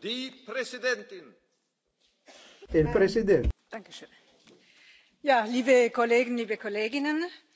Di Presidentin. Il-President. Dankeschön. Ja, liebe Kollegen, liebe Kolleginnen,